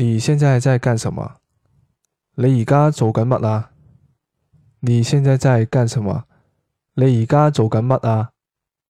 你現在在幹什麼？你而家做緊乜啊？你現在在幹什麼？你而家做緊乜啊？